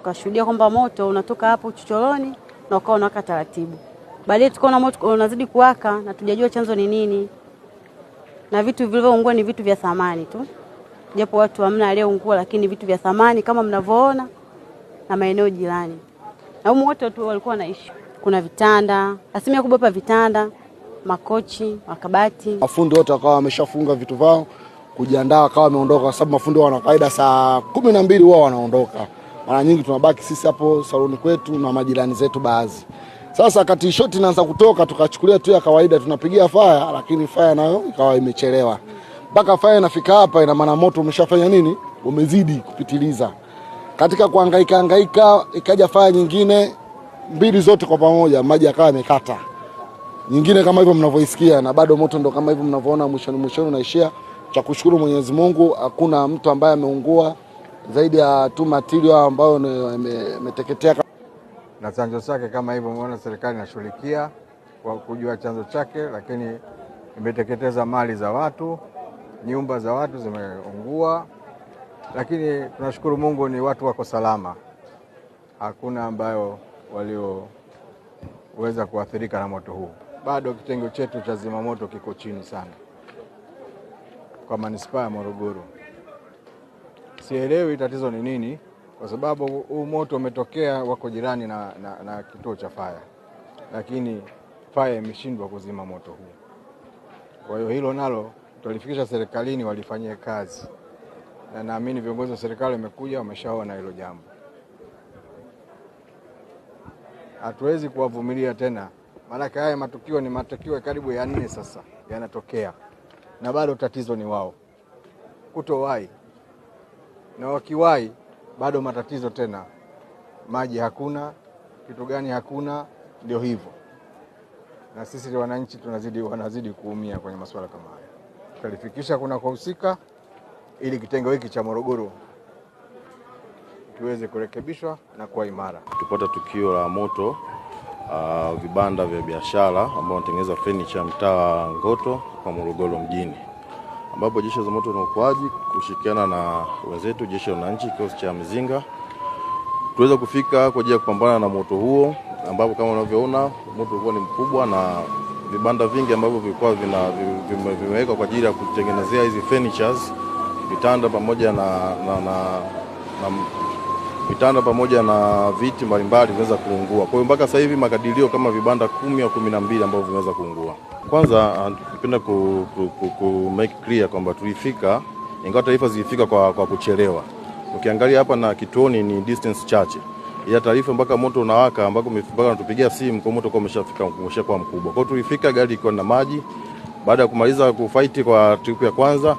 tukashuhudia kwamba moto unatoka hapo chochoroni na ukawa unawaka taratibu. Baadaye tukaona moto unazidi kuwaka na tujajua chanzo ni nini, na vitu vilivyoungua ni vitu vya thamani tu, japo watu hamna aliyeungua, lakini vitu vya thamani kama mnavyoona na maeneo jirani na humu wote watu walikuwa wanaishi. Kuna vitanda, asilimia kubwa hapa vitanda, makochi, makabati. Mafundi wote wakawa wameshafunga vitu vao kujiandaa, wakawa wameondoka, kwa sababu mafundi wana kawaida saa kumi na mbili wao wanaondoka mara nyingi tunabaki sisi hapo saluni kwetu na majirani zetu baadhi. Sasa kati shoti inaanza kutoka, tukachukulia tu ya kawaida, tunapigia faya, lakini faya nayo ikawa imechelewa mpaka faya inafika hapa, ina maana moto umeshafanya nini, umezidi kupitiliza. Katika kuhangaika hangaika, ikaja faya nyingine mbili, zote kwa pamoja maji yakawa yamekata, nyingine kama hivyo mnavyoisikia, na bado moto ndo kama hivyo mnavyoona, mwishoni mwishoni unaishia. Cha kushukuru Mwenyezi Mungu, hakuna mtu ambaye ameungua zaidi ya tu matirio ambayo imeteketea na chanzo chake kama hivyo. Umeona serikali inashughulikia kwa kujua chanzo chake, lakini imeteketeza mali za watu, nyumba za watu zimeungua, lakini tunashukuru Mungu ni watu wako salama, hakuna ambayo walioweza kuathirika na moto huu. Bado kitengo chetu cha zimamoto kiko chini sana kwa manispaa ya Morogoro sielewi tatizo ni nini, kwa sababu huu moto umetokea, wako jirani na, na, na kituo cha faya, lakini faya imeshindwa kuzima moto huu. Kwa hiyo hilo nalo tutalifikisha serikalini walifanyie kazi, na naamini viongozi wa serikali wamekuja, wameshaona hilo jambo. Hatuwezi kuwavumilia tena, maanake haya matukio ni matukio karibu ya nne sasa yanatokea, na bado tatizo ni wao kutowahi na wakiwahi bado matatizo tena, maji hakuna, kitu gani hakuna, ndio hivyo. Na sisi wananchi tunazidi wanazidi kuumia kwenye masuala kama haya. Tutalifikisha kuna kuhusika ili kitengo hiki cha Morogoro kiweze kurekebishwa na kuwa imara. Tupata tukio la moto uh, vibanda vya biashara ambao wanatengeneza fenicha mtaa Ngoto kwa Morogoro mjini ambapo jeshi la zimamoto na uokoaji kushirikiana na wenzetu jeshi la wananchi kikosi cha Mizinga tuweza kufika kwa ajili ya kupambana na moto huo, ambapo kama unavyoona moto ulikuwa ni mkubwa na vibanda vingi ambavyo vilikuwa vimewekwa kwa ajili ya kutengenezea hizi furnitures vitanda pamoja na, na, na, na vitanda pamoja na viti mbalimbali vinaweza kuungua. Kwa hiyo mpaka sasa hivi makadirio kama vibanda kumi au kumi na mbili ambavyo vinaweza kuungua. Kwanza napenda ku, ku, ku, ku make clear kwamba tulifika, ingawa taarifa zilifika kwa, kwa kuchelewa. Ukiangalia hapa na kituoni ni distance chache ya taarifa mpaka moto unawaka ambako mpaka natupigia simu kwa moto kwa umeshafika kwa mkubwa. Kwa tulifika gari ikiwa na maji. Baada ya kumaliza kufaiti kwa trip ya kwanza,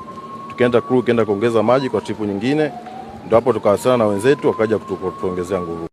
tukaenda crew kaenda kuongeza maji kwa trip nyingine. Ndio hapo tukawasana na wenzetu wakaja kutuongezea nguvu.